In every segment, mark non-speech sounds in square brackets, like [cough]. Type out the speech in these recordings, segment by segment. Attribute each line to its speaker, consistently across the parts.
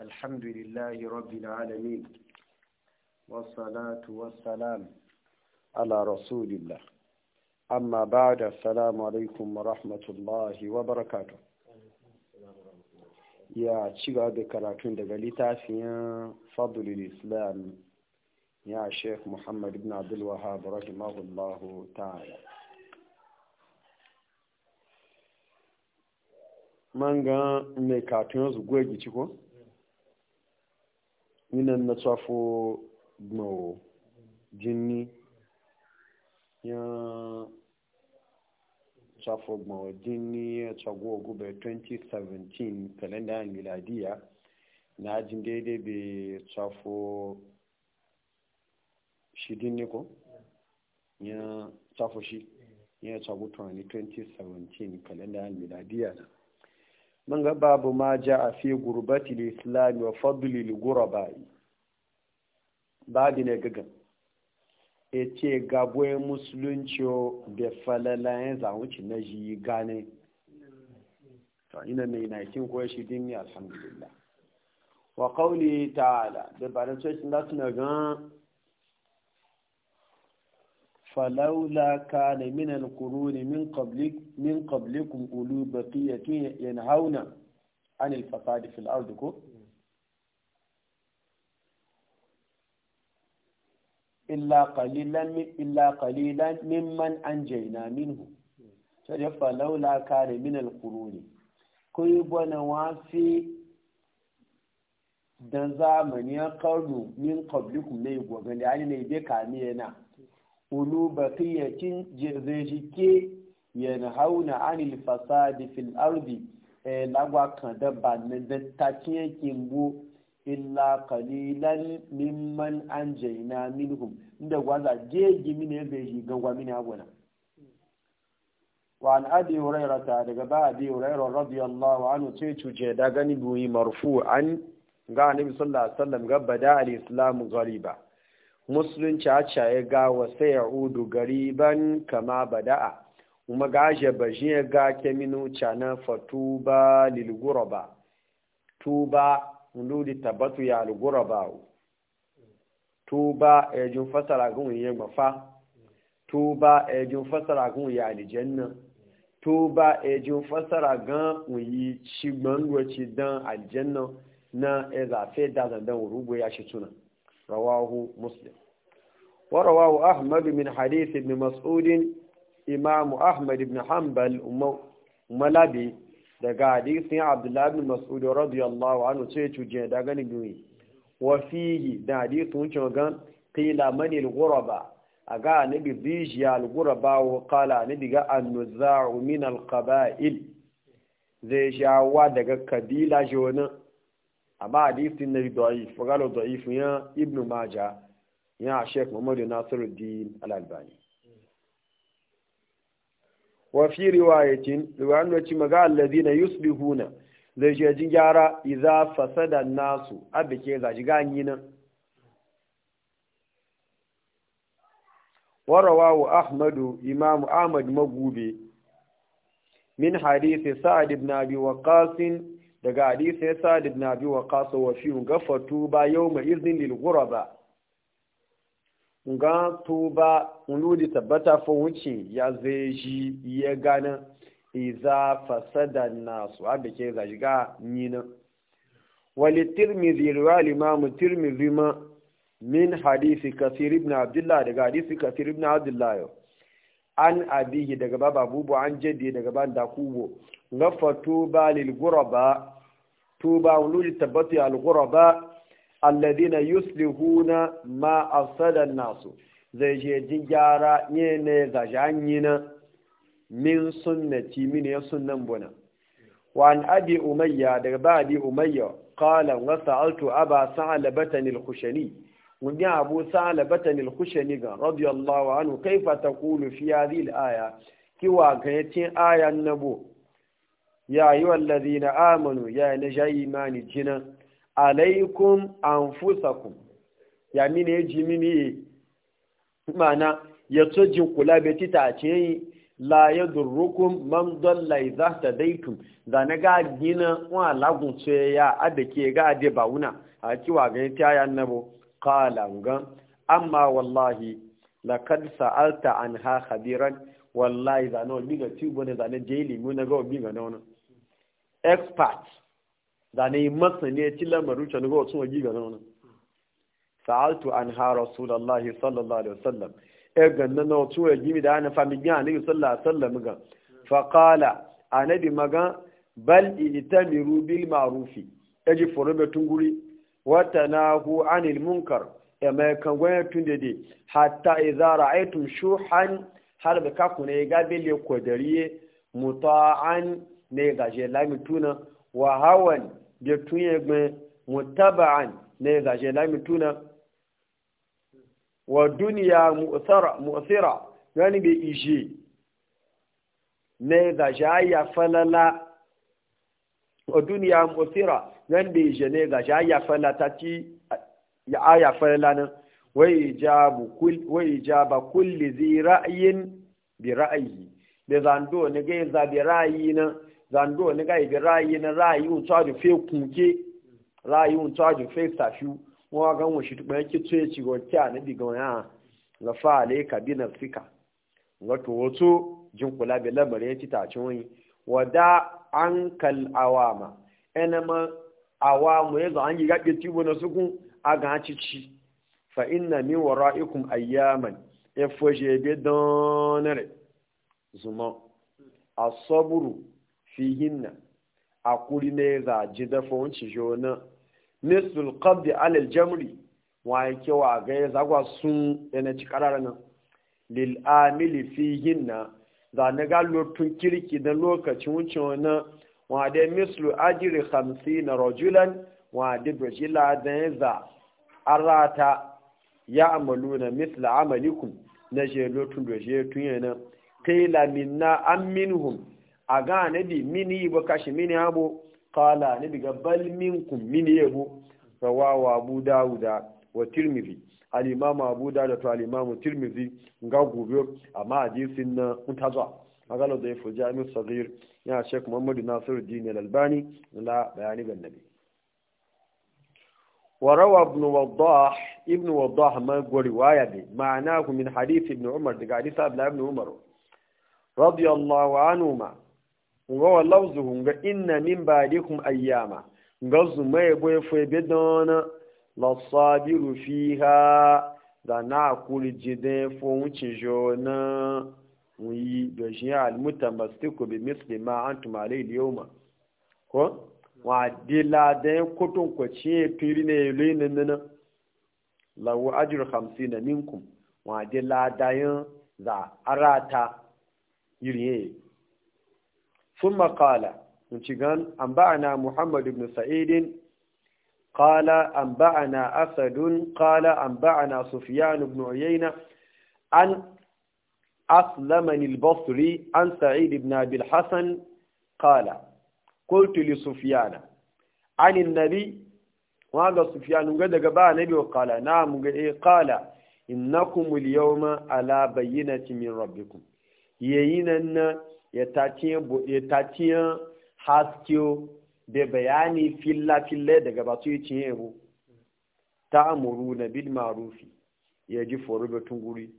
Speaker 1: الحمد لله رب العالمين والصلاة والسلام على رسول الله أما بعد السلام عليكم ورحمة الله وبركاته يا شيخ أبي كراتون دقاليتا في فضل الإسلام يا شيخ محمد بن عبد الوهاب رحمه الله تعالى من قال إن كراتون زوجي nina na tsafo gbawo jini ya tsafo gbawo jini ya tsago ogube 2017 kalenda miladiya na ajin daidai bai tsafo shi dini ko ya tsafo shi ya tsago 2017 kalenda miladiya na من باب ما جاء في غربة الإسلام وفضل الغرباء بعد نجاك ece gagwe musulunci da falalayen zawuci na ji gane ina mai naikin koya shi din alhamdulillah wa kauli ta'ala da ba da cikin latin gan فلولا كان من القرون من قبلك من قبلكم أولو بقية ينهون عن الفساد في الأرض كو إلا قليلا إلا قليلا ممن أنجينا منه فلولا كان من القرون كي بنا وافي dan zamani ya karnu min qablikum ne gogani ani ne be kamiye na ulu baƙiyacin jirgin yana hauna anil fasadi fil ardi e lagwa kan da na ne da takiyar kimbo illa kalilan mimman an jaina minhum inda gwaza jirgin mini zai shi gangwa mini agwana wa al'adi hurairah ta daga ba a biyu hurairah radiyallahu anhu ce cuce da gani buyi marfu an ga nabi sallallahu alaihi wasallam gabba da al'islamu ghaliba musulunci a caye ga sai ya udu ban kama bada'a kuma gaje bajin ya ga keminu cana fatuba lilguraba tuba ludi tabbatu ya ba tuba ejin fasara gun ya gbafa tuba ejin fasara gun ya alijanna tuba ejin fasara gan uyi yi ruwa ci dan aljanna na ezafe da zandan rugu ya shi tunan رواه مسلم ورواه أحمد من حديث ابن مسعود إمام أحمد بن حنبل daga hadisin abdullahi bin mas'ud radiyallahu anhu sai cuje da ganin biyu wa da hadisin wucin gan qila man al-ghuraba aga annabi bishi al-ghuraba wa qala annabi ga an-nuza'u min zai shawa daga kabila jona amma hadisin na da'if fagalo da'if ya ibnu maja ya sheikh muhammadu nasiruddin al wafi wa fi riwayatin riwayan wacce maga allazina yuslihuna zai je ji gyara iza fasada nasu abike za ji ganyi nan warawahu ahmadu imam ahmad magube min hadisi sa'ad ibn abi waqas daga hadisi ya sa da nabi wa kasa wa fi ga tuba yau mai izinin lilgura ba ga tuba wuludi tabbata fa wuce ya zai shi ya gana iza fasada nasu abu ke zaji ga nina wali tirmidhi ruwa limamu tirmidhi ma min hadisi kasir ibn abdullah daga hadisi kasir ibn abdullah yau an abihi daga baba bubu an jade daga ban da kubo ga fatuba lilgura ba توبا ولوج تبتي الغرباء الذين يسلكون ما أفسد الناس زي جيجارا ينه زجانينا من سنة من يسنة بنا وعن أبي أمية دربادي أمية قال وسألت أبا سعل بتن الخشني ومن أبو سعل بتن الخشني رضي الله عنه كيف تقول في هذه الآية كي واقعتين آية النبو ya yi wallazi na amonu ya na sha imani jina alaikum fusakun ya mini ya ji mini mana ya tsoji kula beti ta ce yi la ya durrukun man dalla za ta daikun da na ga gina wa lagun ce ya ada ke ga ade ba wuna a kiwa ga ta ya nabo qalangan amma wallahi laqad sa'alta ha khabiran wallahi na no diga tubo ne da na jeli mu na ga obi ga wani expert ne masani ya ci lamarin na ga wasu wagi ga nan sa'altu an ha rasulallahi sallallahu alaihi wasallam e ganna na wasu wagi gimi da ana fami gina alaihi sallallahu alaihi wasallam ga faƙala qala anabi maga bal itamiru bil ma'rufi ya e ji forobatun guri wata na hu anil munkar ya e mai kan tun da dai hatta idza ra'aytum shuhan hal da kaku ne ga bele kodariye muta'an ne ga gaje lami tuna wa hawan da tunye gbe mutaba'an ne ga gaje lami tuna wa duniya mu'thara mu'thira yani bi ishe ne gaje aya falala wa duniya mu'thira yani bi je ne ga aya falala ta ci ya aya falala nan wa ijaba kulli zi ra'ayin bi ra'yi da zando ne ga yin zabi ra'ayi nan zando ni ga ibi rayi na rayi un tsaju fe kunke rayi un tsaju fe tafiu wọn ga wọn shi tukpa yake tsoye ci ga kya na bi ga wani ga fa ale ka bi na fika ga to wato jin kula bi lamarin ya ci tace wani wada an kal awama ena ma awamu ya zo an yi gaɓe tibo na sukun a ga ci ci fa inna min wara'ikum ayyaman efo je be donare zuma asaburu fihinna a kuri ne za ji dafa wanci jona nisul qabdi alal jamri wa yake wa ga ya zagwa sun yana ci karara nan lil amili fihinna za na ga lotun kirki da lokacin wuce wani wa da mislu ajiri na rajulan wa da brajila da ya za arata ya amalu na misla amalikum na je lotun da je tun yana kaila minna an minhum a ga nabi mini yi kashi mini abu kala nabi ga bal mini yabo rawawa abu dawuda wa tirmizi al-imam abu dawuda to al tirmizi tirmidhi ga gobe amma hadisin na mutaza magana da yafi jami'u sagir ya shek muhammadu nasiru dini al-albani la bayani ga nabi وروى ابن وضاح ابن وضاح ما يقول رواية دي معناه من حديث ابن عمر دي قاعد يسأل ابن عمر رضي الله عنهما nga wa lawzuhu nga inna min ba'dikum ayyama nga zuma ya e boye fo be la sabiru fiha da na kuli jide fo wuci jona wi da shi al mutamassiku bi misli ma antum alayhi yawma ko wa dila da kutun ko ce piri ne e linin ajru 50 ثم قال نشيغان أنبعنا محمد بن سعيد قال أنبعنا أسد قال أنبعنا سفيان بن عيينة عن أسلمني البصري عن سعيد بن أبي الحسن قال قلت لسفيان عن النبي وهذا سفيان قد قبع نبي وقال نعم قال إنكم اليوم على بينة من ربكم يينا ya taciyan haskiyo da bayani filla-filla daga ba su yi cinye bu ta amuru na bil marufi ya ji forubatun guri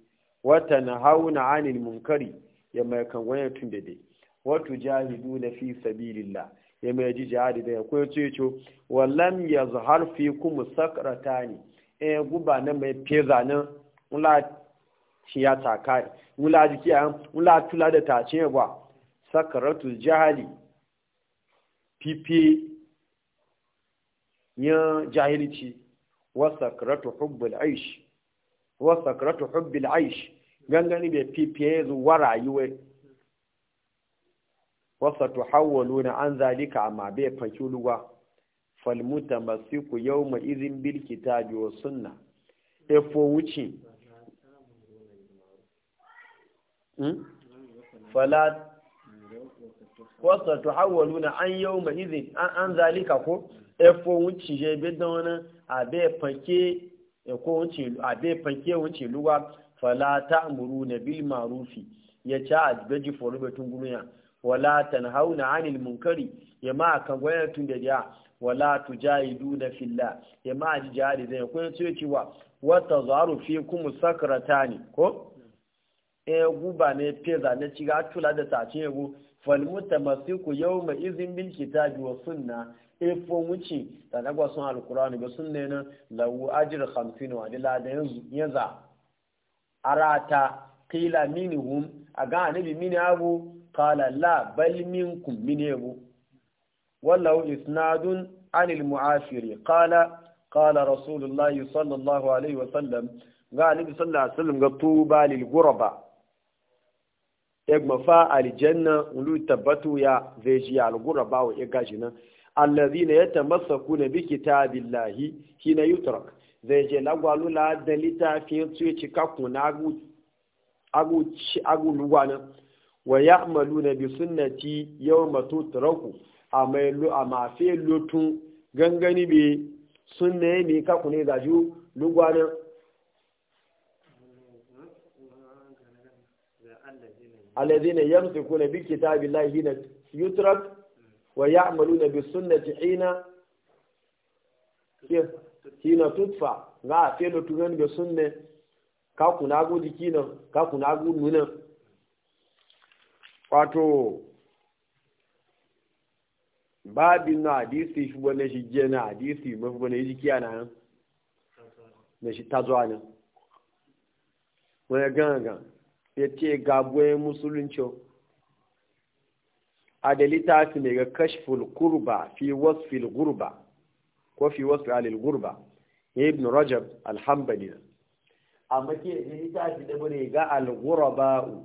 Speaker 1: wata na hauna anil munkari ya mai kangwanyar tun da dai wata jahidu na fi sabilillah ya mai ji jihadi da ya kwaya ceco wallan ya zuhar fi kuma sakarata ne ya guba na mai feza na wula ciya takari wula jikiya wula tula da tace ba sakaratul jahali pipe ya jahilci wa sakaratu hubbul aish wa sakaratu hubbul aish gangani be pipe zuwa rayuwa wasa tuhawwaluna an zalika amma bai fanki luwa falmuta masiku yau bil izin bilki ta biyo sunna efo hmm? falat wasa to hawalu na an yau ma izin an zalika ko efo wunci je be don wani abe fanke e ko fanke luwa fala ta amuru na bil marufi ya ci a gaji foru betun gurunya wala tanhauna anil munkari ya ma kan tun da ya wala tujahiduna fila ya ma ji jihadi zai ko yace cewa wata zaru fi sakarata ne, ko e guba ne peza ne ciga tula da ya yego falmuta masu ku yau mai izin bil kitabi wa sunna efo wuce da na sun alkurani ba sunne nena lawu ajir hamsin wa dila da yanzu arata qila a ga anabi mini abu Kala la bal minkum min abu wallahu isnadun anil mu'ashiri qala qala rasulullahi sallallahu alaihi wa sallam ga anabi sallallahu alaihi wasallam sallam ga tuba lil ghuraba egmafa aljanna ulu tabbatu ya zai ji algura bawo ya gashi nan allazina yatamassaku bi kitabillahi hina yutrak zai je lagwalu la da fi su na cika na. agu agu agu lugwana wa ya'maluna bi sunnati yawma tutraku amailu fi lutun gangani bi sunne mi ka ne gaju lugwana alladhina yamsikuna bi kitabillahi na yutrak wa ya'maluna bi sunnati hina hina tutfa ga fe da tunan ga sunne ka kuna go dikina ka kuna go nuna wato babin na hadisi shi wani shi je na hadisi mafi wani jikiya na nan na shi tazuwa nan wani gangan yace ce goyen musulunci a dalita su ne ga kashful kurba fi wasfil gurba ko fi wasfil alil gurba ya ibn rajab alhambali amma ke da su da bane ga al-guraba'u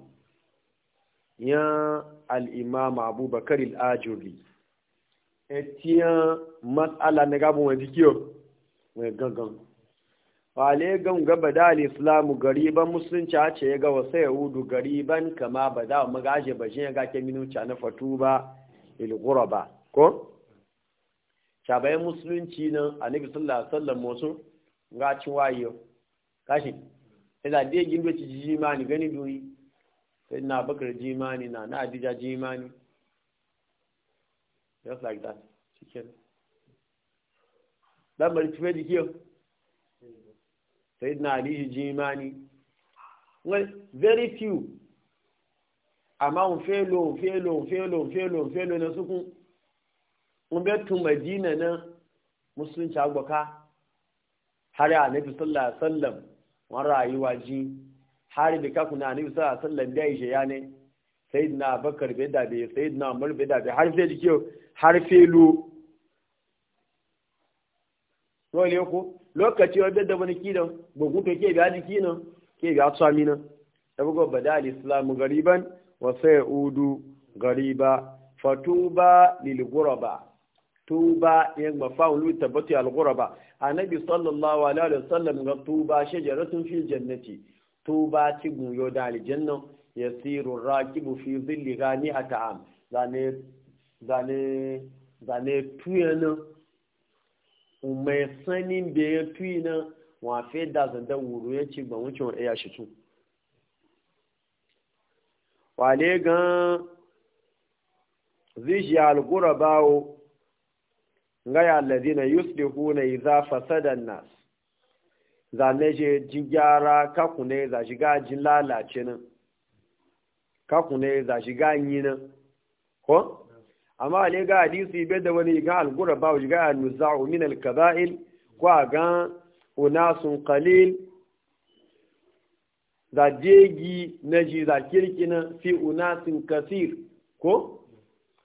Speaker 1: ya al-imam abubakar al-ajuri etiyan mas'ala na gabon wani kiyo mai gangan fale gan ga da al'islamu gariban musulunci a ce ya ga wasu yahudu gariban kama ba za mu gaje ba shi ya gake minuci na fatu ba ilgura ba ko? shabayin musulunci nan a nabi sallallahu sallam wasu ga ci wayo kashi ila da ya gindo ci jimani gani doyi sai na bakar jimani na na adija jimani just like that cikin dan bari ci fe sai na aliyu jimani wani very few amma n felo n felo n felo n felo n felo na sukun n bɛ tun madina na musulunci agbaka har ya nabi sallallahu alaihi wasallam wani rayuwa ji har bi kaku na nabi sallallahu alaihi wasallam da ishe ya ne sayyidina bakar bai dabe sayyidina umar bai dabe har fe jikiyo har felo wani yoko lokaci wa da bani kidan bugu to ke biya jiki nan ke biya tsami nan da bugo bada al-islam gariban wa sayudu gariba fatuba lil ghuraba tuba yan mafaun lu tabati al ghuraba annabi sallallahu alaihi wasallam ga tuba shajaratun fil jannati tuba ci guyo da aljanna yasiru raqibu fi dhilli ghani ata'am zane zane zane tuyana mai sanin da ya tuyi nan wafe da zanda wuru ya ce ba wuce wa ɗaya shi tu wale gan zishi algura bawo ngaya allazina yuslihuna idza fasada nas zane je jigyara kakune za shiga jin lalace nan ne za shiga yi nan ko amma ne ga hadisi bai da wani ga algura ba ga nuza'u min al-kaba'il ko ga unasun qalil da jegi na ji da kirkina fi unasin kasir ko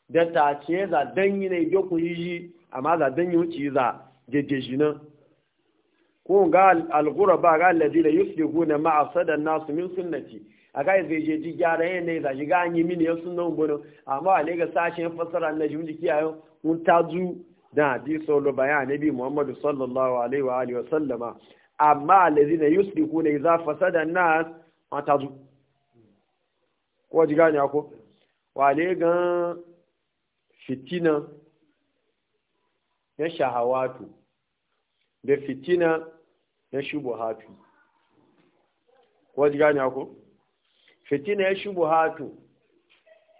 Speaker 1: da ta ce za yi ne ga kun yi amma za yi wuce za shi nan ko ga algura ba ga ladila yusliguna ma'a sadan nasu min sunnati a kai zai je ji gyara yin ne za shiga an yi mini ya sun nan gudun amma a lega sashen fassara na jimji kiyayen mun ta zu da di solo bayan nabi muhammadu sallallahu alaihi wa alihi wa sallama amma alazi na yusriku ne za fasada na ma ta zu ko ji gane ko wa legan fitina ya shahawatu da fitina na shubuhatu ko ji gane ko fitina ya shubu hatu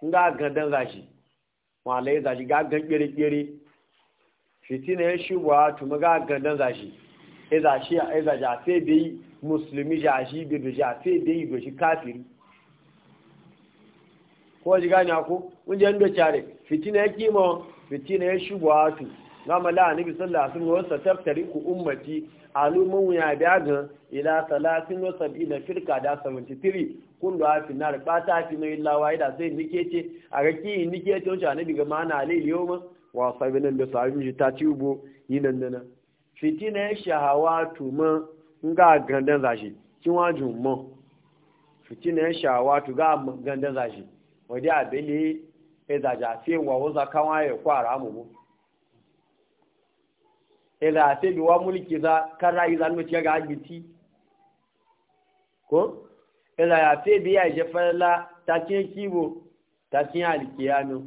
Speaker 1: nga gandan gashi malai zashi ga gan kere-kere fitina ya shubu hatu ga gandan zashi iza e e shi a iza jafe yi musulmi jashi bibi jafe bai doshi kafiri ko ji gani ako wajen da care fitina ya kima fitina ya hatu buhatu gama la nabi sallallahu alaihi wasallam tattari ku ummati alumun ya daga ila 30 firka da 73 kullu afi nar bata fi mai illa da sai nike ce a raki nike ce wancan annabi ga mana alil ma wa nan da shi ta ci ubo yinan dana fitina tuma ma ga gandan zashi kin waju mo fitina tu ga gandan zashi wadi abele e zaja fi wa wuza kawaye kwara mu ila e sai biwa mulki za kan rayu mu ci ga agiti ko ila ya fe biya je falla ta cin kibo ta cin alkiyami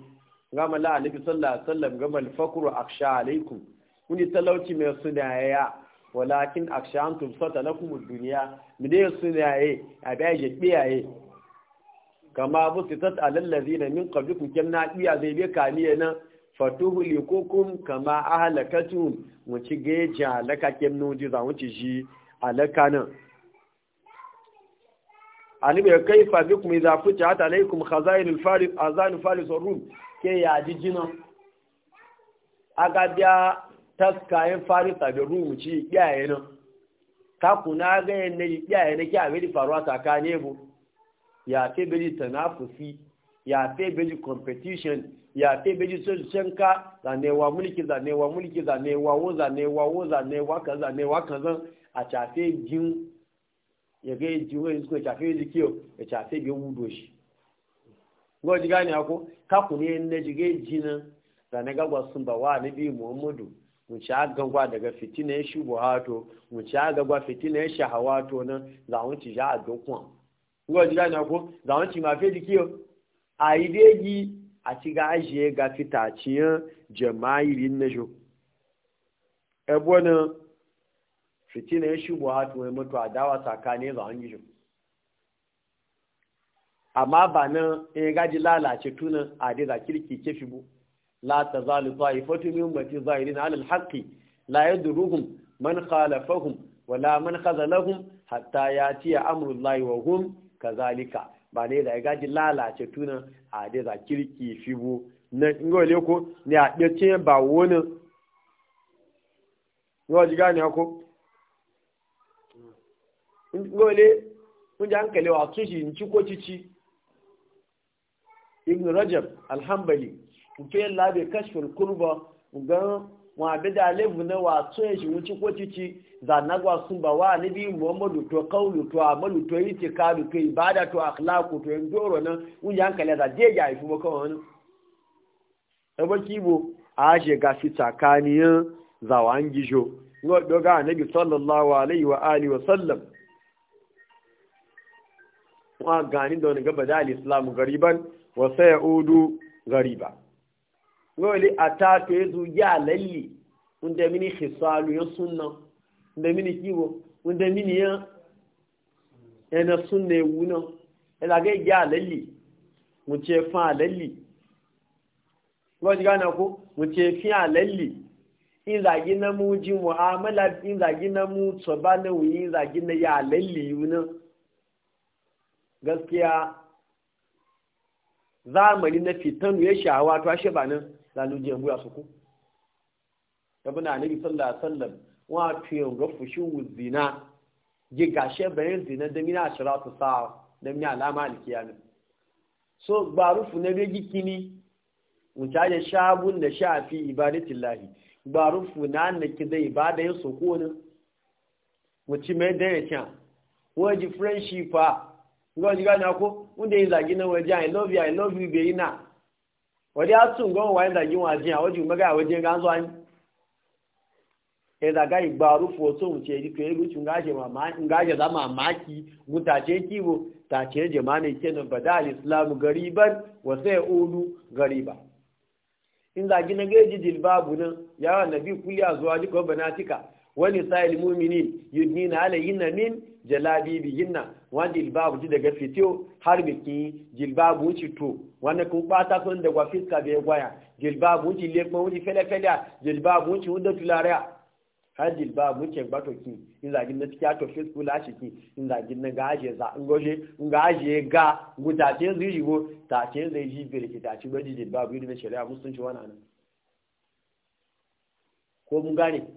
Speaker 1: gama la alibi sallallahu alaihi wasallam gama alfakru aksha alaikum kuni talauci mai sunaya walakin aksha antum sata lakum ad-dunya mide sunaye a biya je biyaye kama bu sitat alal ladina min qablikum kanna biya zai be kaniye nan fatuhu likukum kama ahlakatum mu ci geja lakakin nuji za mu ci shi alaka nan ani bai kai fa bi kuma idza ta ta alaikum khazain al farid azan faris ar rum ke ya ji jina aga biya taskayin ta da rum ci iyaye na ka kuna ga yanne iyaye ne ki a bai faruwa ne bu ya te bai tanafusi ya te bai competition ya te bai social ka wa mulki wa mulki wa wo wa wo zanewa kaza zanewa kaza a tafe jin ya jiwe ji wani suka shafe kiyo wudo shi ga ji ako ne na ji da ba wa muhammadu mu ci agagwa daga fitina ya mu ci fitina ya shahawato nan za mu ci ja a dokuwa ga ji gani ako za mu ci mafe ji kiyo a yi a ci ga ajiye ga fitaciyan jama'irin fitina ya shigo hatu mai mutu a dawa tsakanin za hangi amma ba nan in gaji lalace tunan a dai za kirki ke shi bu la ta zalu ta fatu min ummati zahirin alal haƙi la yadruhum man khalafahun wala man khazalahun hatta ya yati amrullahi wa ka zalika ba ne da gaji lalace tunan a dai za kirki shi bu na ngole ko ne a dace ba wani Yau ji ko ngole kunja hankali wa tushi in ci ko cici ibn rajab alhambali nke labe kashful kurba ga wa bida levu na wa tushi shi wuci ko cici za na gwa sun ba wa nabi muhammadu to kaulu to amalu to kadu to ibada to akhlaqu to ndoro nan kunja hankali za je ya ifu maka wani ebo kibo a je ga fi tsakaniyan zawan gijo ngo doga nabi sallallahu alaihi wa alihi wa sallam wa gani da wani gaba da al'islamu gariban wasu ya udu gariba wani a ta to ya zo ya lalle, wanda mini hisalu ya sunna wanda mini kiwo wanda mini ya yana sunna ya wuna yana ga ya lalle, mu ce fa lalli wani gana ko mu ce fi a lalle, in zagi na mu ji mu'amala in zagi na mu tsoba na wuyi in zagi na ya yi wunan. gaskiya zamani na fitan ya shawa to ashe ba nan je buya su ku tabi na nabi sallallahu alaihi wasallam wa tuyon ga fushin zina ji gashe bayan zina da mina shiratu sa'a da mina alama alkiyamin so gbarufu na begi kini taje shabun da shafi ibadatillahi gbarufu na naki da ibada yin mu ci mai da yake ji friendship fa. ngon jiga na ko wanda yin zagi na waje i love you i love you be ina wadi atun ngon wa yin zagi waje a waje a waje ga zo an e da ga igbaru foto mu ce dike yi rucin gaje mama in gaje za mamaki ki kibo ta ce jama'a kenan badal islam gariban wa sai ulu gariba in zagi na gaji jilbabu nan yawa nabi kulli azwaji ko banatika wani sa'il mu'minin yudnina alayhinna min jalabi yinna, wani jilbabu ji daga fitiyo har biki jilbabu wuce to wani kun bata sun da gwa fiska bai gwaya jilbabu wuce lekma wuce fele-fele jilbabu wuce wunda tulare har jilbabu wuce gbato ki in zagin na cikin ato fisku lashe ki in zagin na gaje za in goje in gaje ga gutace zai shigo tace zai ji birki tace gwaji jilbabu yi na shari'a musulunci wani nan ko mun gane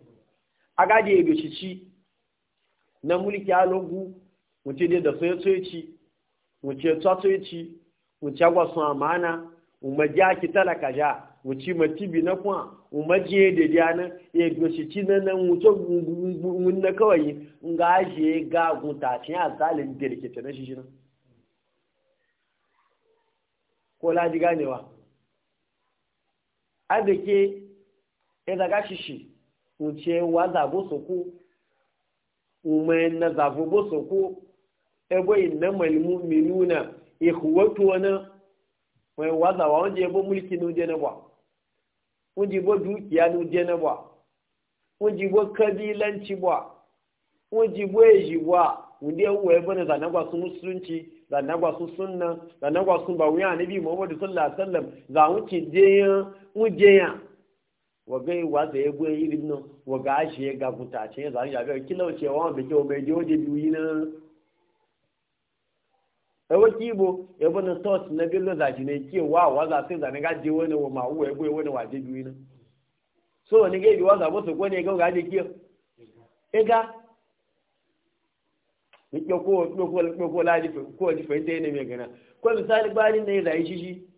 Speaker 1: a gaje ya gashi ci na mulki alogu wuce dai da soyoci wuce tsatsoci wuce agwasun amana umarji ake talaka ja wuce matibi na kwa umarji ya dede ana ya e ci na nan wuce gungun na kawai nga ajiye ga gutacin a da zalin dirkita na shi shi nan ko laji ganewa adake ya zaga shishi wuce wa e zabo soko umar na zafi boso ko ebe na malmu minuna ihuwatu wani wai wazawa wanda ya bo mulki na ujena ba wanda bo dukiya na ujena ba wanda bo kabilanci ba wanda bo eji ba wanda ya uwa ebe na zanagwa su musulunci zanagwa su sunna zanagwa su ba wuya na bi muhammadu sallallahu alaihi wasallam za wuce jeyan wujeyan waga yi wata ya goya irin nan waga ashe ya gafuta a ya zari jabi kila wace wa wanda ke obai jiyo da biyu na ewa bo, ya e bana tos na bello zaji ne ke wa wa za sai zane ga je wani wa ma'u ya goya wani waje biyu na so wani ga yi waza musu ko ne ga ga je ke ega ni ko ko ko ko ko la di ko di fa ne me gana ko misali gbari ne da yi shi shi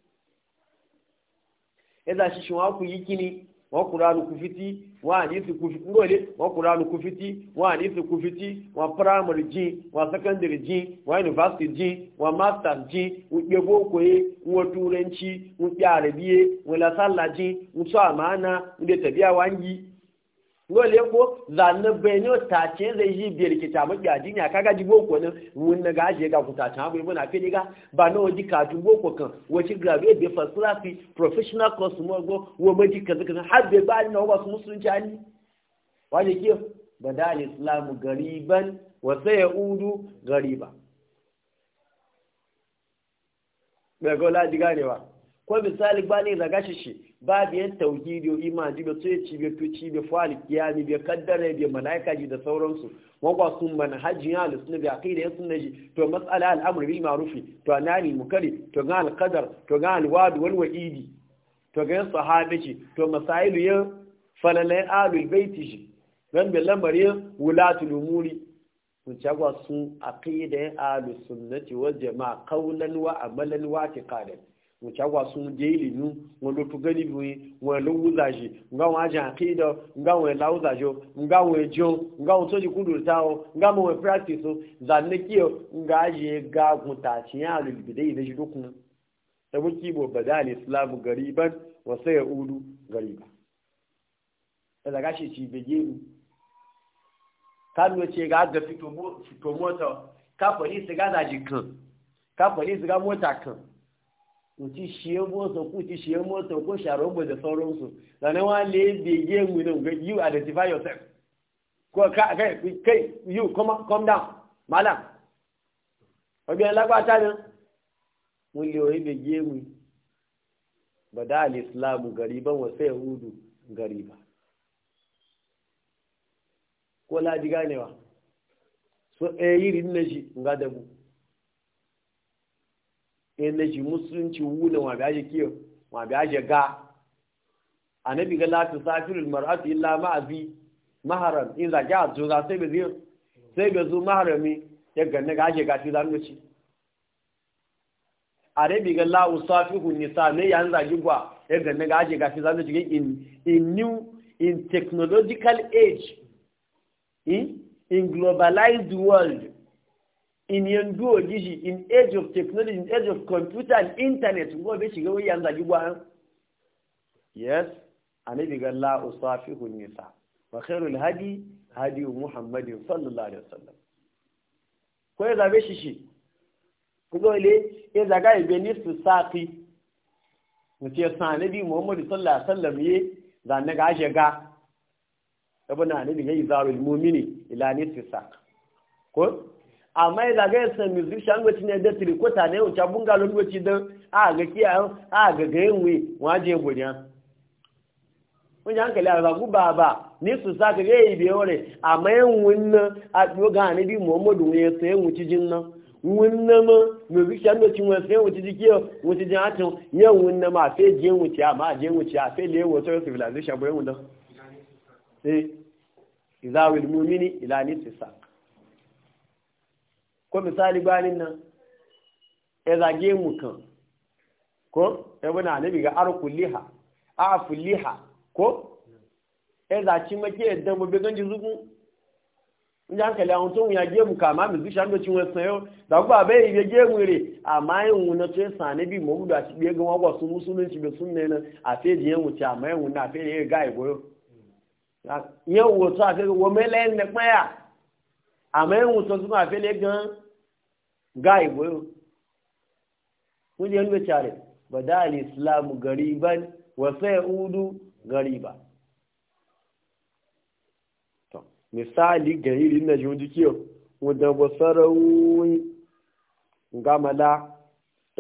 Speaker 1: ya e za shi shi wa ku yi kini wọ́n kuranu kufiti wọ́n àdìsí kufiti ngọ́lé wọ́n kuranu kufiti wọ́n àdìsí kufiti wọ́n primary jin wọ́n secondary jin wọ́n university jin wọ́n master jin wọ́n boko wọ́n turanci wọ́n gbé arabiye wọ́n lasalla jin wọ́n sọ àmàna wọ́n dẹ̀ tẹ̀bí àwọn yìí. wale ko zanne benyo tace zai yi biyar ke ta maki adini a kaga jibo ko ne mun na gaje ga ku tace ha bai muna fili ga ba na waji ka jibo ko kan waji graduate be first class professional course mo go wo ji kaza kaza har be ba ni na wa su musulunci ani waje ke da al-islamu gariban wa sayaudu gariba be go la diga ne wa ko misali ba ni daga shi shi ba biyan tauhidi iman ji bai ya ci to ci bai fali kiyami bai kaddara bai malaika ji da sauransu wangwa sun manhajin ya alusuna bai a ya sunna ji to matsala al'amur bil ma'rufi to anani mukari to ga alqadar to ga alwadu wal wa'idi to ga sahabi ji to masailu ya falalai alul baiti ji dan bi lamarin wulatul umuri kun cagwa sun aqidan alusunnati wal jama'a qawlan wa amalan wa i'tiqadan wacce agwa sun je ilimi wọn ló tó gẹ́lì bí wọn ló wúzà ṣe nga wọn ajá àkídọ nga wọn láwùzà ṣe nga wọn ẹjọ e nga wọn tó ti ta ọ nga wọn e practice ọ zanaki ọ nga e ga gùntà tí yẹn àlè lùbẹ̀dẹ̀ yìí lẹ́sẹ̀ lókun ẹbú kí ibò bàdá àlè islam gariban wọ́n sẹ́yẹ̀ ulu gariba ẹ̀ lọ́gá ṣe ti ìbẹ̀yẹ̀ ga gẹ̀ fìtò mota ka polisi ìsìgá dàjì kan kan ku ci shiye motsa ku ci shiye motsa ko sharo ba da sauransu sannan wa le bege mu ne ga you identify yourself ko ka kai kai you come come down malam obi alagbata ne mu le o bege mu bada al-islam gariban wa sayhudu gariba ko la diga ne wa so e yiri ne shi ga da mu ene shi musulunci wuna wa biya ke wa biya ga a na la lati safirin mar'atu illa ma'azi maharam in za ki a za sai bai sai bezo maharami ya ganna ga shi ga shi zan wuce na ga la'u usafihu nisa ne yan za gwa ya ganna ga shi ga shi zan wuce in in new in technological age in in globalized world in yanzu wa gishi in age of technology in age of computer and internet ngo be shiga wai yanzu gwa eh? yes annabi ga la usafihu nisa wa khairul hadi hadi muhammadin sallallahu alaihi wasallam ko ya zabe shi shi kugo le ya zaga ibe ni su safi mutum sa nabi muhammadu sallallahu alaihi wasallam ye zanne ga shiga abuna ya yi zarul mu'mini ila su saq ko amma ya zaga ya san musician wacce ne da tirikota ne wuce bunga lokaci don a ga kiyayen a ga gayin wi waje godiya wani hankali a zagu ba ba ni su sa ka gaye biyo amma yan a biyo ga bi muhammadu ne ya sayan wuce wunna ma musician wacce ne sayan wuce jiki wuce jin hatin yan wunna ma fe je wuce amma je wuce a fe le wato civilization bayan wunan eh izawil mumini ila nisisa ko misali na. nan ya zage mu kan ko ya bi nabi ga arku liha liha ko ya zaci make yadda mu bi ganji zugun in ji hankali a ya ge mu kama mu zuci an doci wani sayo da kuma bai yi ge mu re amma yin wuna to ya sani bi mu da shi bai gan wagwa na musulunci bai sun ne nan a fe ji yan wuce amma yin wuna fe ya ya a àmọ́ ẹ̀hún tuntun máa fẹ́lẹ́ gan-an ga ìbò yóò kún jẹ́ nígbà tààrẹ̀ bàdá àlè islam gariba wọ́sẹ̀ gariba misali gari rí na jùn jù kíọ̀ wadda ba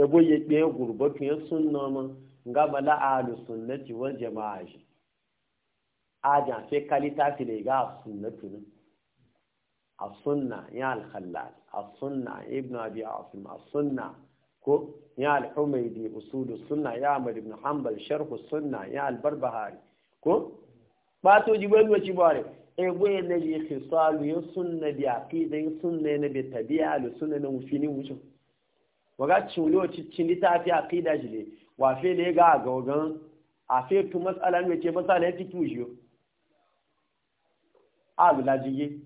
Speaker 1: ebo ya ɗaya gurbatun ya sunna ma gamala a sunnati wal jama'a a jan sai kalita fi ne ga sunnatu nan as-sunna ya al-khallal as-sunna ibn abi asim as-sunna ko ya al-humaydi sunna ya ahmad ibn hanbal sharh as-sunna ya al-barbahari ko ba to jibal wa jibare e goye ne yi khisal yu sunna bi aqida yu sunna ne bi tabi'a lu sunna ne mufini wucho waga chulo chi chindi ta fi aqida jile wa fe le ga gogan a fe tu mas'alan ne ke masala ya fi tikujiyo a bi lajiye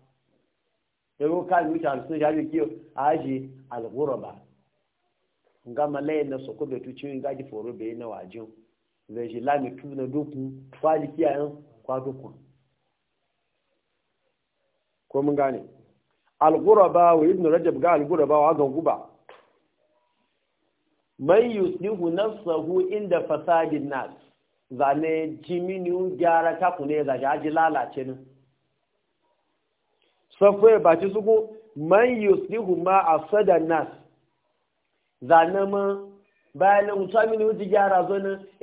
Speaker 1: yau ka yi wuce alisun ya yi kiyo a ji alguraba nga malayin na soko bai tuci yin ji foro bai na wajen zai ji lami tu na dukun kwaji kiyayen kwa dukun ko mun gane alguraba wa ibn rajab ga alguraba wa ga guba man yuslihu nafsahu inda fasadin nas zane jimini gyara takune zaje aji lalace ne safai ba ci suku man yuslihu ma afsada nas zanama bayan nan mutami mini wuce gyara zo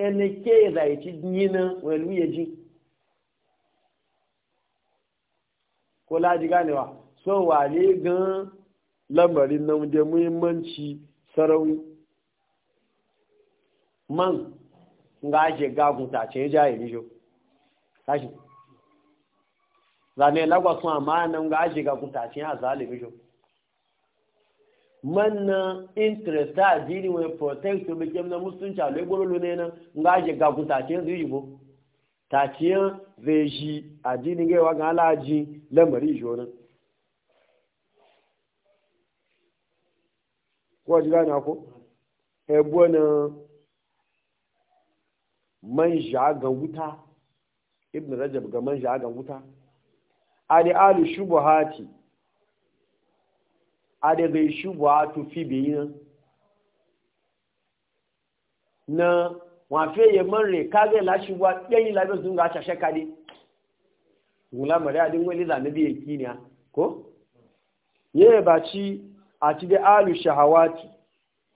Speaker 1: ene ke za yi ci yi nan wani ya ji ko laji ganewa so wale gan lamarin nan da muhimmanci sarauni man nga je gagun ta ce ya jaye ni jo zane lagwa sun nan ga aji ga kutacin a zalibi jo manna interest a jini wani protect obi kem na musulunci a lagorolo ne na ga aji ga kutacin zai ta taciyan zai a jini yawa ga alaji lamari jo nan kowa ji gani ko ebo e na manja ga wuta ibn rajab ga manja ga wuta ade alu shubuhati ade zai shubuhatu fi biyin na wafe ya manre kage la shubuwa yanyi labe sun ga shashe kade ngula mari adin wani zane biye kiniya ko ye ba ci a ci da alu shahawati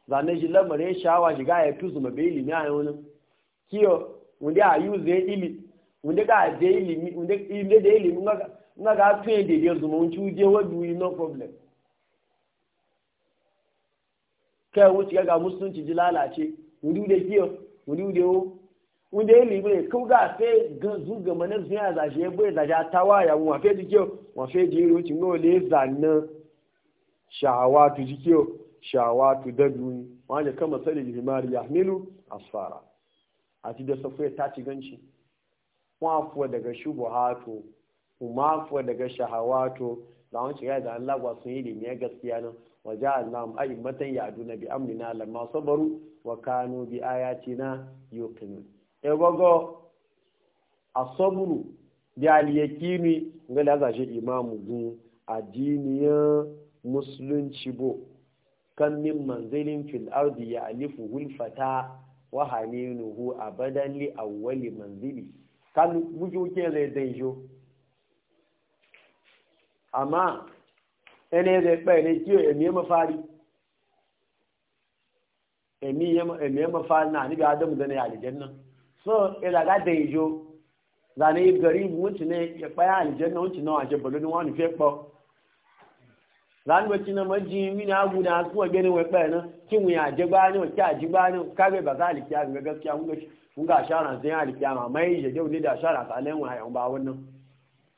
Speaker 1: zane shi lamarin shawa shiga ya tuzu mabe ilimi a yawon kiyo wunde a yi zai ilimi wunde ga da ilimi wunde da ilimi na ga tun da ya zuma wuce uje wadu yi no problem kai wuce ga musulunci ji lalace wuri da kiyo wuri da wo wuri da ili kau ga fe zu ga mana zuya za shi bai da ja tawa wa fe ji wa fe ji ru ci ngole zanna shawa tu ji shawa tu dadu kama yahmilu asfara a ti da safiya ta ci ganci wa daga shubuhatu kuma daga shahawato wani shiga da Allah ba sun yi limiya gaskiya nan wa ja Allah mu ayi matan ya na bi la, ma sabaru wa kanu bi ayatina yuqinu e gogo asabru bi aliyakini ngal da zaje imamu gun adiniya musulunci bo kan min manzilin fil ardi ya alifu hulfata wa haninuhu abadan li awwali manzili kan mujuke zai danjo amma ene zai bai ne kiyo emi mafari emi mafari na ni ga adamu da alijen aljanna so ila da ijo da ne gari mutu ne ya alijen aljanna wuce na waje balon wani fe po lan wa na maji mi na agu na ku gani wai bai na ya je ba ne ki aji ka bai ba zaliki ga gaskiya mun ga mun ga shara zai mai je je da shara ka ya ba wannan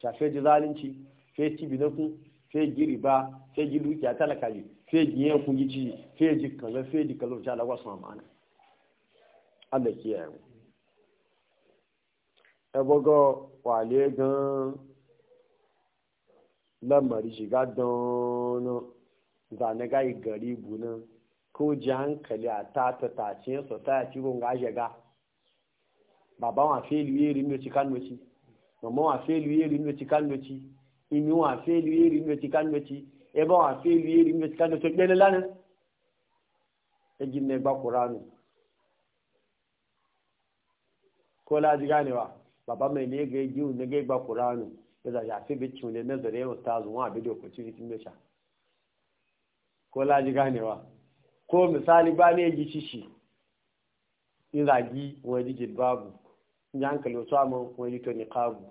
Speaker 1: shafe ji zalunci sai ci kun fe jiriba fe ji riba sai ji fe talaka ji sai ji yan kun ci sai ji kaza sai ji kaza ta lagwa su amana Allah kiyaye mu e bogo wale gan lamari shiga don ka yi gari bunan ko ji hankali a ta ta tace so ta ci yɛ ga shiga baba wa felu yeri mi ci kan mi ci mama wa felu yeri mi ci kan mi ci ìmí wọn àfẹ́lú eré mẹ́tì kánmẹ́tì ẹbá wọn àfẹ́lú eré mẹ́tì kánmẹ́tì gbẹ́lẹ́ lánàá ẹjì ní ẹgbà kúránù kur'anu láti gánì wa bàbá mi ní ẹgbẹ́ jíù ní ẹgbẹ́ ẹgbà kúránù ẹgbà àfẹ́bẹ̀ tún lé nẹ́sẹ̀rẹ́ ẹ̀wọ̀n stars wọn àbẹ́dẹ̀ opportunity mẹ́sà kó láti wa kó misali bá ní ẹjì ṣíṣì ìràgí wọn ẹjì jìlbáàbù ní àǹkàlẹ̀ ọ̀tọ́ àmọ́ wọn ẹjì tó ní káàbù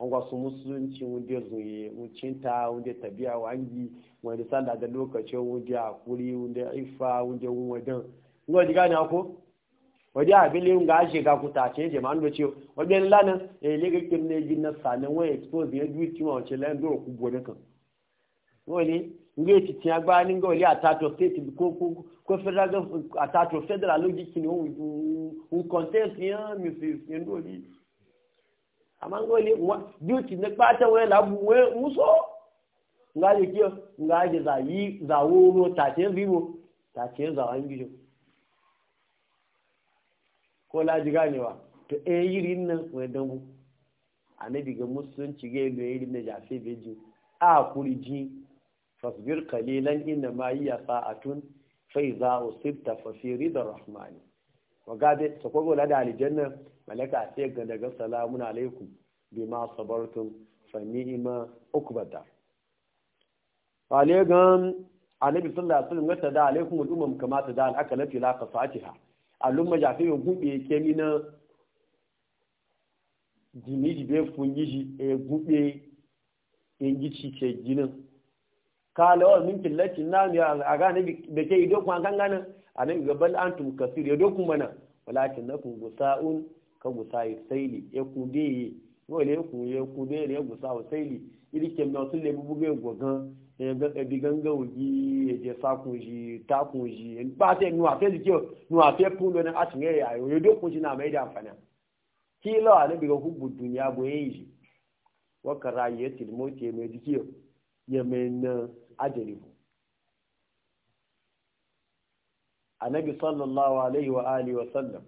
Speaker 1: an wasu musulunci wunde zuye wucinta wunde tabiya wangi wunde sanda da lokacin wunde akuri wunde ifa wunde wadan ngo diga na ko wadi abele nga je ga kuta ce je man do ce wadi lana e le ga kin ne jinna sanan wa expose ya duit ma ce lan do ku bode kan wani nge ti ti agba ni ngo le atato state ko ko ko federal atato federal logic ni un contest yan ah, mrs ndoli amma ngo le wa duty na pata we la bu we muso nga le kio nga je za yi za wo mo ta te vivo ta te za an gijo ko la ji wa to e eh, yirin nan we dangu annabi ga musulunci ga lo yirin na jafe beji a kuriji fasbir qalilan inna ma hiya sa'atun fa iza usibta fa fi ridar rahmani wa gabe to ko la da aljanna malaka sai ga daga salamun alaikum ma sabartum fa ni'ma ukbata alegan annabi sallallahu alaihi wasallam ta da alaikum umam kama ta da aka lafi la fatiha alum majafi yo gube mi na jini fungi ji e gube en ci ke ginin kala wa min killati nam ya aga ne be ke ido kwa kan ganin annabi gabal antum kasir ya do mana walakin nakum gusaun ka gusa yi isaili ya yi. wale ya kuye kudeye ya gusa isaili iri kem na sun lebu buga ya gwagan ya ga ɗabi ganga wuji ya je sakun shi takun shi ba ta nuwa ta jike nuwa ta fulo na asin ya yayo ya dokun shi na mai da amfani ki lawa na biga hubbu duniya goyen shi waka rayuwa tilmoti mai jike ya mai na ajalibu annabi sallallahu alaihi wa alihi wa sallam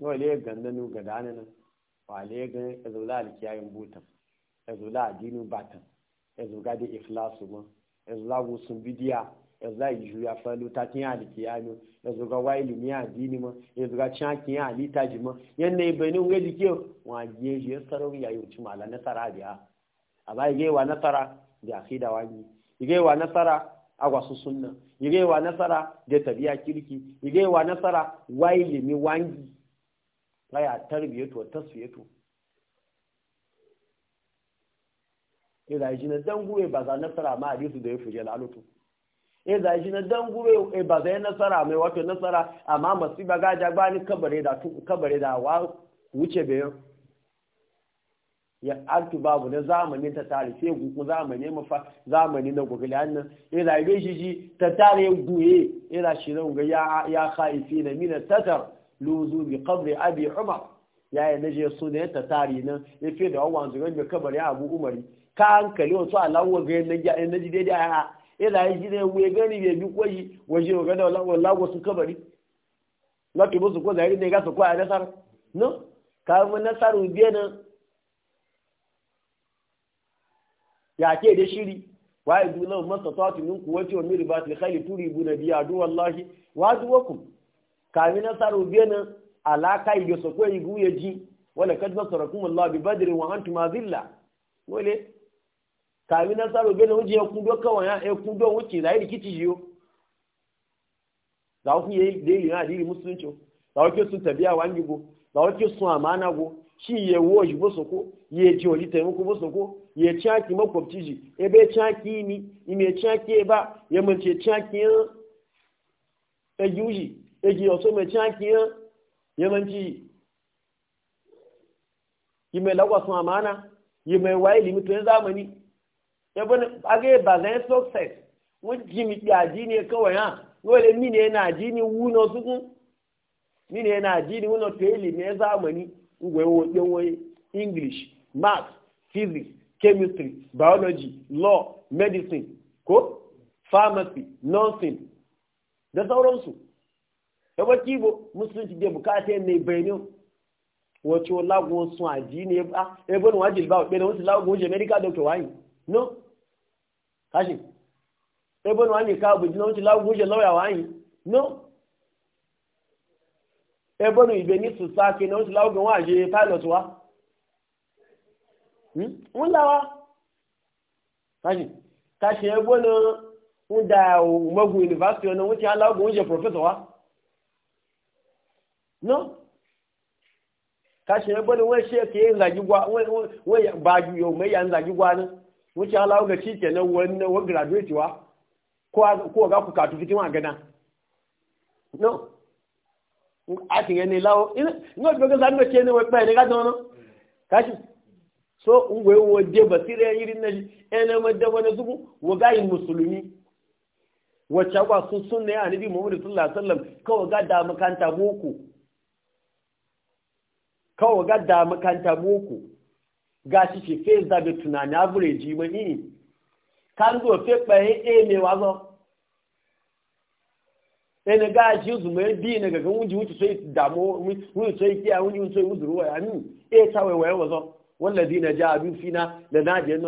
Speaker 1: yau le ganda nu ga dana nan wa le ga azula alkiyayin butan azula adinu batan azuga da ikhlasu ma azula gusun bidiya azula juya falo, ta tin alkiyayin azuga waili mi adini ma azuga chakin alita ma yanne ibenu ga dikiyo wa je je sarawi yayin cimala nasara biya aba yige wa nasara da akida wani yige wa nasara su sunna yige wa nasara da tabiya kirki yige wa nasara waili mi wangi laya tarbiyatu wa tasfiyatu ila jina dangure ba za nasara ma hadisu da ya fuje lalutu ila jina dangure e, ba za nasara mai wato nasara amma masiba ga ba ni kabare da kabare da wa wuce bayan ya artu babu na zamani ta tare sai gugu zamani mafa zamani na gugu lannan ila gaji ji ta tare guye ila shirin ga ya ya khaifi na mina tatar luzu bi qabri abi umar ya yi naje so ne ta tari nan ya fi da wawan zuwa mai kabar ya abu umari ka hankali wasu alawo ga yin nan naji daidai a ha ila yi ne wuye gani bai bi koyi waje ga da wallawo su kabari na ki musu ko zari ne ga su ko a nasar no ka mu nasaru biye nan ya ke da shiri wa idu lahu masatatu min quwwati wa min ribatil turi turibuna bi adu wallahi wa aduwakum kamin na saru biyan alaka yi so ko igu ya ji wala kad basarakum Allah bi badri wa antum azilla wale kamin na saru biyan wuce ya kudo kawai ya ya kudo wuce da yi kici jiyo da ku yi daily na dili musulunci Za ku sun tabiya wangi go Za ku sun amana go shi ya wo shi bo soko ya ji oli taimako bo soko ya chaki makwabci ji ebe chaki ni ime chaki ba ya mace chaki ya eh, yuji egi ọ̀tọ́ mẹ́tíá kìíyàn yẹmẹ́ntì yìmẹ̀ lọ́gbàsán àmàna yìmẹ̀ wáyé limi tó ń zámani yẹbọn agé bazin success wọ́n jí mi pé àdínì kọwẹ̀ hàn wọ́n lè mí ni ẹ̀nà àdínì wú náà sókún mí ni ẹ̀nà àdínì wú náà tó yẹ limi ẹ̀ zámani ngwẹ̀ wọ́n yẹ english math physics chemistry biology law medicine ko pharmacy nursing da sauransu. ya ba kibo musulunci da bukata ne bayanin wacce wala sun aji ne ya bani wajil ba ɓe da wasu lagun wuce amerika doctor wani no kashi ya wani ka abu jina wasu lagun wuce lauya wani no ya bani su sake na wasu lagun waje pilot wa wọ́n láwa kashi kashi ya bani wọ́n da university wọ́n ti alágun wuce professor wa no kashi ne gbani wani shek yayin zagi gwa wani ba yau mai yan zagi gwa ne wuce alawo ga shi kenan wani wani graduate wa ko ga ku katu fitin wa gana no a ti gani lawo ina ga ga zan bace ne wai ne ga tono kashi so ngwe wo de basire yirin na ene madda wani zubu wa yi musulmi wacce kwa sun sunne bi muhammadu sallallahu alaihi wasallam kawai ga da makanta boko kawo ga makanta boko ga shi ke fe zabe tunani average ba ni kan zo fe kpaye e, e, e ne wazo ene ga shi zu bi ne ga kan wuji wuci sai damo wuji sai kiya wuji wuci sai uzuru wa ani e tawe wa wazo walladina jaa bi fina da naje nan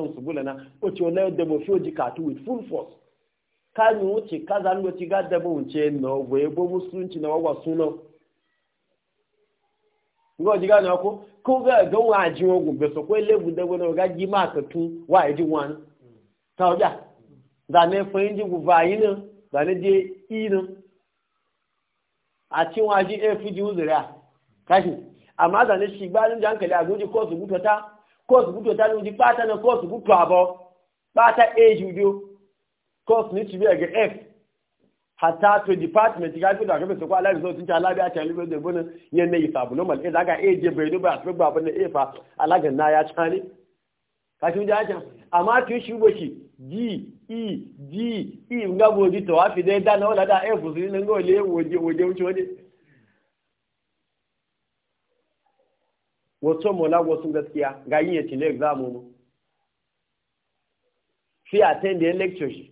Speaker 1: na o na wallahi da mo ka tu with full force kanu wuce kazan wuce ga da wuce na go ebo musulunci na wagwa sunan ngo jiga na ko ko ga ga wa ji wo gbe so ko lebu de wo ga ji ma ka tu wa e ji wan ta oja da ne fun ji gu va yin da ne je yin a ti wa ji e fu ji uzura kashi amma da ne shi ba ni jan kale agoji course guto ta course guto ta ni ji tota, tota pata na course guto abo pata e judo course ni ti bi e ga f hatta to department ga fi da kabe su ko Allah result tin ta Allah eh, a ta libe da bunin yan ne ifa bu normal idan ga eje bai duba su ba bane ifa alaga na ya tsani ka shi da ta amma to shi bo shi g e g e nga bo di to afi dai da na wala da e bu ne ngo le woje woje wo wode wato mo mola wasu gaskiya ga yin ya tile exam mu fi attend the lecture shi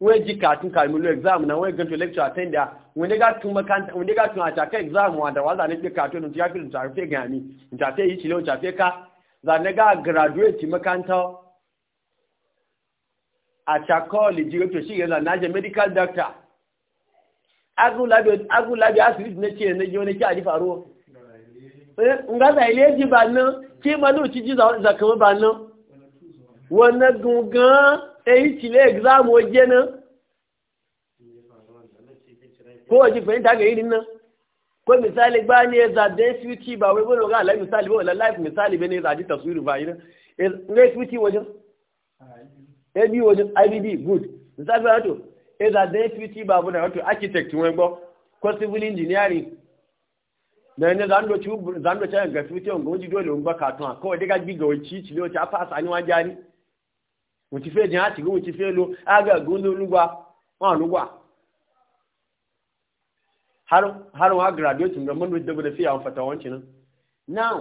Speaker 1: wai ji katun kamin lo exam na wai ganto lecture attend da wani ga tun makanta wani ga tun a taka exam wa da wala ne ke katun tun ya fi tun fe gani tun fe yi cilo tun fe ka za ne ga graduate makanta a ta college ga to shi ga na je medical doctor agu labi agu labi asirit ne ce ne yo ne ki ali faro eh nga za ile ji ba nan ki ma lo ci ji za ka ba nan wannan gungan eyi cile exam waje nan ko waje fahimta ga irin nan ko misali ba ne zaɗe suci ba wai wani ga alayi misali wani alayi misali bai ne zaɗi taswiru ba idan ne suci wajen ab wajen ibd good misali ba wato e zaɗe suci ba wani wato architect wani ba, ko civil engineering na ne zan doci zan doci ga suci wani gwaji dole wani ba katon kawai daga giga wani cici ne wace fasa ni wani jani wọ́n ti fẹ́ jẹ́ àtìgún wọ́n ti fẹ́ lo agagún lólúgbà wọ́n lúgbà har wọ́n graduate ga mọ́nà da da fiye àwọn fatawanci nan now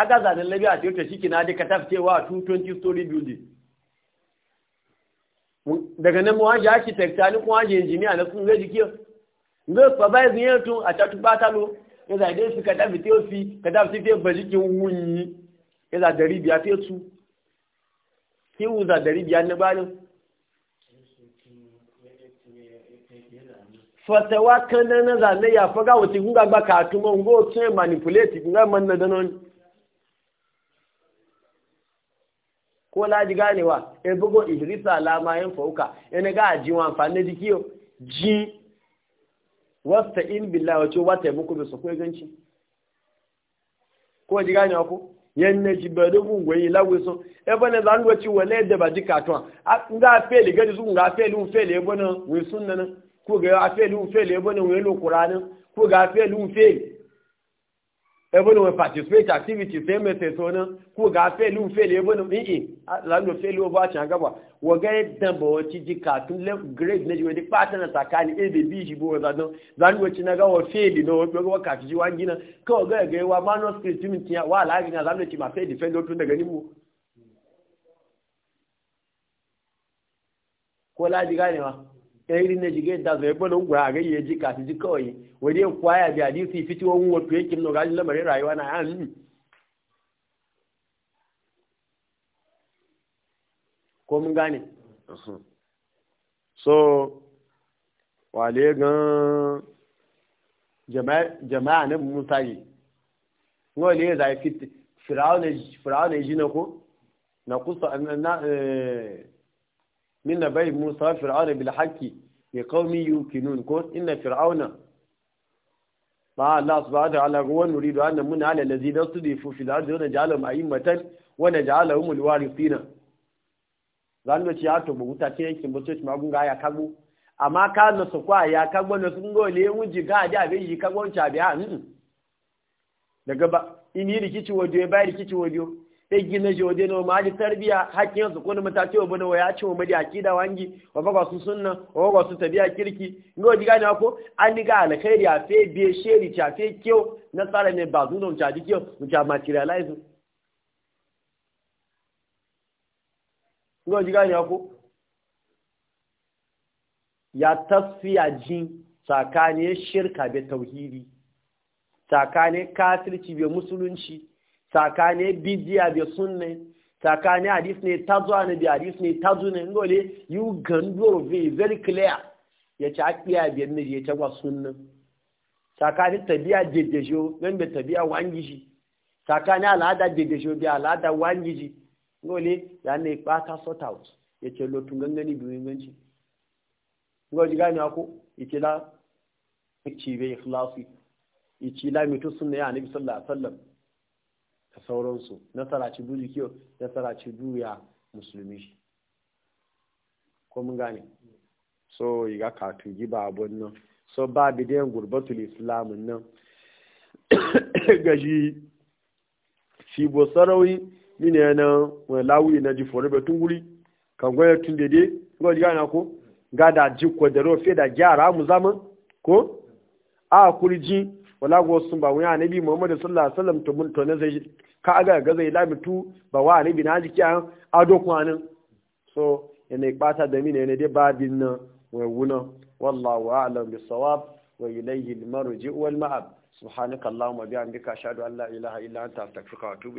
Speaker 1: agaza da labi a teotar shi na dika ta fitewa a 220 story building daga nan wọ́n jẹ́ architect ni kuma jẹ́ engineer na sun gaji kiyar zai supervise yin tun a tatu batalo ya zai dai su ka ta fitewa fi ka ta fitewa bajikin wunyi ya zai dari biya ki wuza dari biyar na bani fatawa kana na zane ya faga wata gunga ba ka tuma ngo tun manipulate gunga man na danon ko laji ganewa e bugo idrisa alama yin fauka ina e ga wa amfani da dikiyo ji wasta in billahi wace wata ya muku bi su ko ganci ko ji ganewa ko yan na bari gun gwayi lagos sun ebe na zanuwa ci wale da ba ji katon nga feli gadi su nga feli un feli ebe na wai sun ko ga feli un feli ebe ko ga feli un feli ebonu we participate activity sai mai sai sonin ku ga felu felu ebonu i'i lando felu ba ga ba wa ga yadda ba wace ji katun left grade na ji wani fata na tsakani e da bi shi bo wa zanen zanu wace na gawa feli na wani gawa kafi ji wani gina kawai ga ga yawa manuscript jimin tiya wa alhaji na zanu ci ma feli felu tun daga nimu ko laji ganewa irin e e na jige da zai bana gwa a gayyaye ji kafi ji kawai wani ya kwaya da hadisi fitiwa wani wato yake nuna gajin lamarin rayuwa na yan ko mun gane hm. so wale gan jama'a na musa yi wani ne zai e fit firawun ne ji na ko na kusa na eh, من نبي bai musa fir'auna لقوم haqqi ya qaumi فرعون ko inna fir'auna على Allah نريد wa من على nuridu an في ala allazina sudifu fil ardi wa zanu ci ato buguta ce yake mutu ci magunga ya kago amma ka na su kwa ya kago na sun gole wuji ga da bai yi kago cha biya daga ba ini rikici wodiyo bai rikici wodiyo ɗagi na jode na ma ji tarbiya hakkin yanzu ko na matace wa bane wa ya ci wa madi da wangi wa ba su sunna wa ba su tabiya kirki ngo diga na ko an ga alkhairi a fe biye sheri ta fe kiyo na tsara ne ba zuwa ta ji kiyo mu ta materialize ngo ko ya tasfiya jin tsakanin shirka be tauhidi tsakanin kafirci be musulunci tsakanin bidiya da sunne tsakanin hadis ne ta zuwa ne da hadis ne ta zuwa ne ngole you gandoro be very clear ya ci akiya biyar ne ya tagwa sunna tsakanin tabiya jejejo nan da tabiya wangiji tsakanin al'ada jejejo da al'ada wangiji ngole ya ne bata sort out ya ce lotun gangani biyu ganci ngole gani ako ikila ikibe ikhlasi ikila mitu sunna ya nabi sallallahu alaihi wasallam da sauransu nasara ci dudu kiyo nasara ci duya musulmi ko mun gane so yi ga katun giba abun nan so ba bidiyan gurbatul islamun nan [coughs] gaji shi bo sarawi mine yana wani lawi na ji fori batun guri kan gwaya tun dede dai ko ji gana ko ga da ji ko da rofe da gyara mu zaman ko a kurji wala go sun ba wani annabi muhammad sallallahu alaihi wasallam to mun to ne zai ka aga ga zai lami tu ba wa ne bina jiki an ado nan so ina ibata da mini ne dai babin nan wai wuna wallahu a'lam bisawab wa ilayhi al-marji wal ma'ab allahumma bihamdika ashhadu an la ilaha illa anta astaghfiruka wa atubu